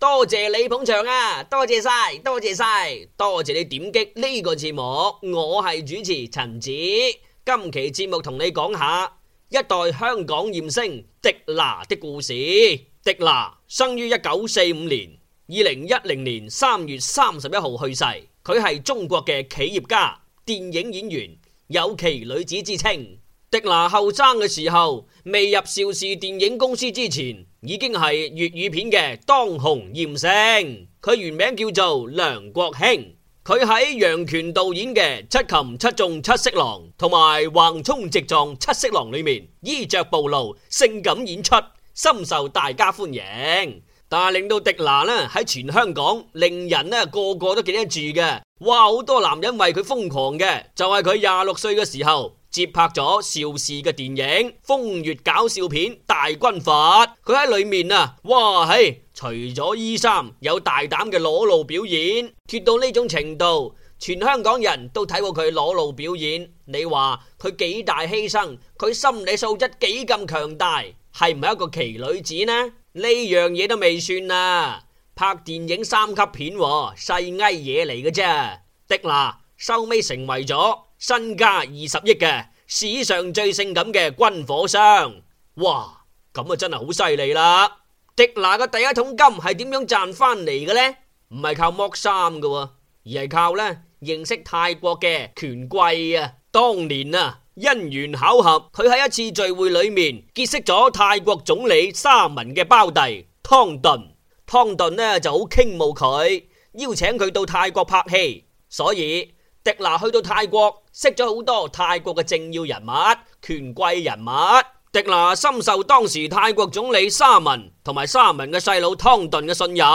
多謝你捧場啊！多謝晒，多謝晒，多謝你點擊呢個節目。我係主持陳子，今期節目同你講下一代香港艷星狄娜的故事。狄娜生於一九四五年，二零一零年三月三十一號去世。佢係中國嘅企業家、電影演員，有奇女子之稱。狄娜後生嘅時候，未入邵氏電影公司之前，已經係粵語片嘅當紅艷星。佢原名叫做梁國興，佢喺楊權導演嘅《七擒七縱七色狼》同埋《橫衝直撞七色狼》裏面衣着暴露、性感演出，深受大家歡迎。但係令到狄娜呢喺全香港令人呢個個都記得住嘅，哇！好多男人為佢瘋狂嘅，就係佢廿六歲嘅時候。接拍咗邵氏嘅電影《風月搞笑片大軍閥》，佢喺裏面啊，哇嘿！除咗衣衫有大膽嘅裸露表演，脫到呢種程度，全香港人都睇過佢裸露表演。你話佢幾大犧牲？佢心理素質幾咁強大？係唔係一個奇女子呢？呢樣嘢都未算啊！拍電影三級片細埃嘢嚟嘅啫。狄娜，收尾成為咗。身家二十億嘅史上最性感嘅軍火商，哇！咁啊真係好犀利啦！狄娜嘅第一桶金係點樣賺翻嚟嘅呢？唔係靠剝衫噶，而係靠呢認識泰國嘅權貴啊！當年啊，因緣巧合，佢喺一次聚會裏面結識咗泰國總理沙文嘅胞弟湯頓，湯頓呢就好傾慕佢，邀請佢到泰國拍戲，所以狄娜去到泰國。識咗好多泰國嘅政要人物、權貴人物，迪娜深受當時泰國總理沙文同埋沙文嘅細佬湯頓嘅信任。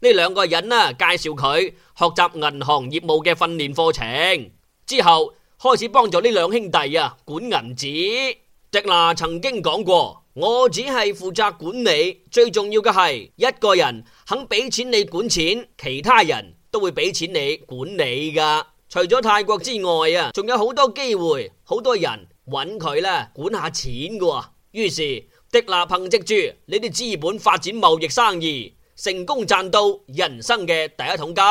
呢兩個人呢介紹佢學習銀行業務嘅訓練課程，之後開始幫助呢兩兄弟啊管銀紙。迪娜曾經講過：我只係負責管理，最重要嘅係一個人肯俾錢你管錢，其他人都會俾錢你管理噶。除咗泰國之外啊，仲有好多機會，好多人揾佢啦，管下錢噶。於是迪娜憑藉住你啲資本發展貿易生意，成功賺到人生嘅第一桶金。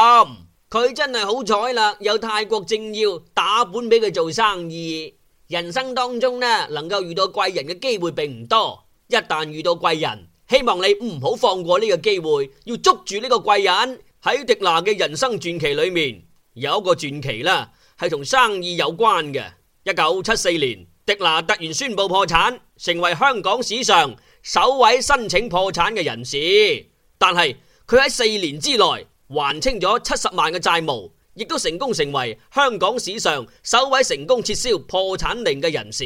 佢真係好彩啦，有泰國政要打本俾佢做生意。人生當中呢，能夠遇到貴人嘅機會並唔多。一旦遇到貴人，希望你唔好放過呢個機會，要捉住呢個貴人喺迪娜嘅人生傳奇裏面。有一個傳奇啦，係同生意有關嘅。一九七四年，狄娜突然宣佈破產，成為香港史上首位申請破產嘅人士。但係佢喺四年之內還清咗七十萬嘅債務，亦都成功成為香港史上首位成功撤銷破產令嘅人士。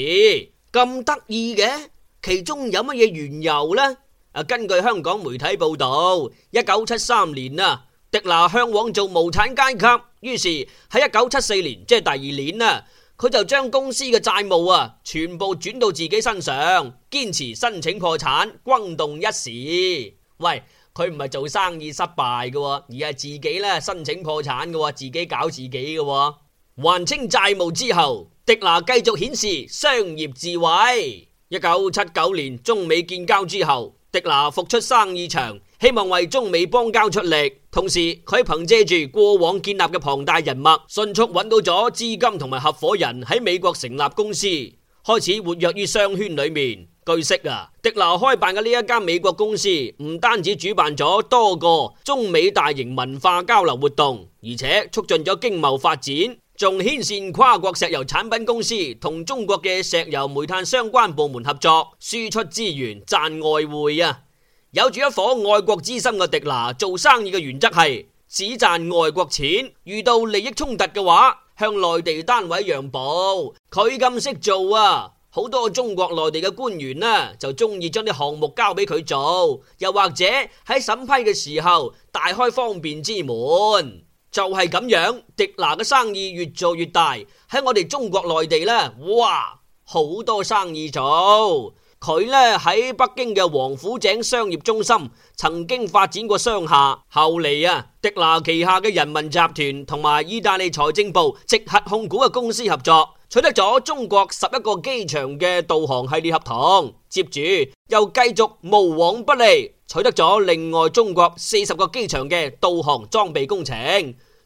咁得意嘅，其中有乜嘢緣由呢？根據香港媒體報道，一九七三年啊。狄娜向往做無產階級，於是喺一九七四年，即係第二年啦，佢就將公司嘅債務啊，全部轉到自己身上，堅持申請破產，轟動一時。喂，佢唔係做生意失敗嘅，而係自己咧申請破產嘅，自己搞自己嘅，還清債務之後，狄娜繼續顯示商業智慧。一九七九年中美建交之後。狄娜復出生意場，希望為中美邦交出力。同時，佢憑借住過往建立嘅龐大人脈，迅速揾到咗資金同埋合夥人喺美國成立公司，開始活躍於商圈裏面。據悉啊，狄娜開辦嘅呢一間美國公司，唔單止主辦咗多個中美大型文化交流活動，而且促進咗經貿發展。仲牽線跨國石油產品公司同中國嘅石油煤炭相關部門合作，輸出資源賺外匯啊！有住一顆愛國之心嘅狄娜做生意嘅原則係只賺外國錢，遇到利益衝突嘅話，向內地單位讓步。佢咁識做啊，好多中國內地嘅官員啦就中意將啲項目交俾佢做，又或者喺審批嘅時候大開方便之門。就係咁樣，狄娜嘅生意越做越大，喺我哋中國內地呢，哇，好多生意做。佢呢，喺北京嘅王府井商業中心曾經發展過商廈，後嚟啊，狄娜旗下嘅人民集團同埋意大利財政部直轄控股嘅公司合作，取得咗中國十一個機場嘅導航系列合同，接住又繼續無往不利。取得咗另外中國四十個機場嘅導航裝備工程，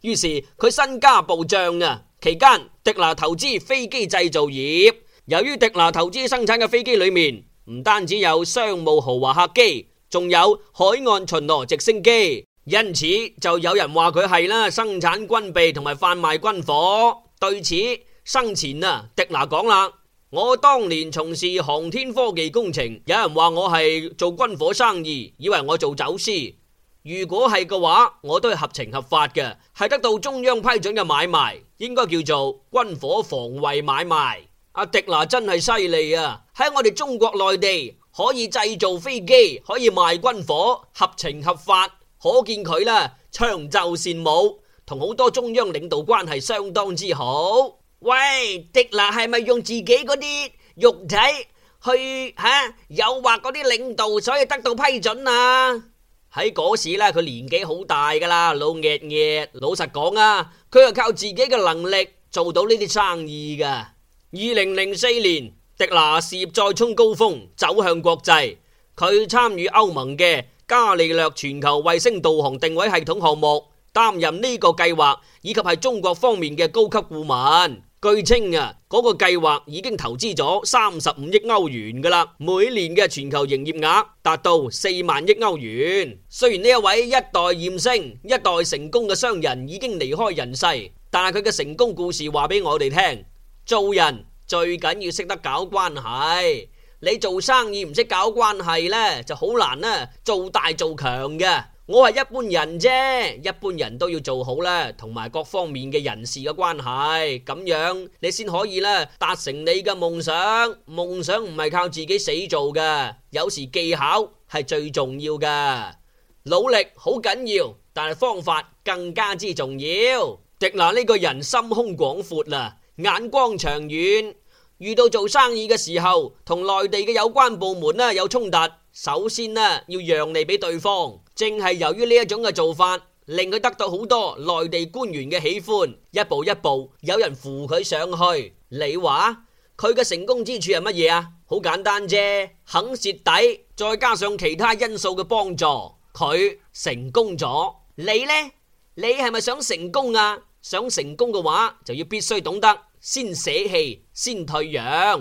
於是佢身家暴漲啊！期間，狄娜投資飛機製造業，由於狄娜投資生產嘅飛機裏面唔單止有商務豪華客機，仲有海岸巡邏直升機，因此就有人話佢係啦生產軍備同埋販賣軍火。對此，生前啊，狄娜講啦。我當年從事航天科技工程，有人話我係做軍火生意，以為我做走私。如果係嘅話，我都係合情合法嘅，係得到中央批准嘅買賣，應該叫做軍火防衛買賣。阿、啊、狄娜真係犀利啊！喺我哋中國內地可以製造飛機，可以賣軍火，合情合法，可見佢呢長袖善舞，同好多中央領導關係相當之好。喂，狄娜係咪用自己嗰啲肉體去吓誘惑嗰啲領導，所以得到批准啊？喺嗰時咧，佢年紀好大噶啦，老曳曳。老實講啊，佢係靠自己嘅能力做到呢啲生意噶。二零零四年，狄娜事業再衝高峰，走向國際。佢參與歐盟嘅伽利略全球衛星導航定位系統項目，擔任呢個計劃以及係中國方面嘅高級顧問。據稱啊，嗰個計劃已經投資咗三十五億歐元噶啦，每年嘅全球營業額達到四萬億歐元。雖然呢一位一代艷星、一代成功嘅商人，已經離開人世，但係佢嘅成功故事話俾我哋聽，做人最緊要識得搞關係。你做生意唔識搞關係呢，就好難啦，做大做強嘅。我係一般人啫，一般人都要做好啦，同埋各方面嘅人事嘅關係咁樣，你先可以啦達成你嘅夢想。夢想唔係靠自己死做噶，有時技巧係最重要噶，努力好緊要，但係方法更加之重要。狄娜呢個人心胸廣闊啦，眼光長遠。遇到做生意嘅時候，同內地嘅有關部門呢有衝突，首先呢要讓利俾對方。正係由於呢一種嘅做法，令佢得到好多內地官員嘅喜歡，一步一步有人扶佢上去。你話，佢嘅成功之處係乜嘢啊？好簡單啫，肯蝕底，再加上其他因素嘅幫助，佢成功咗。你呢？你係咪想成功啊？想成功嘅話，就要必須懂得先捨棄，先退讓。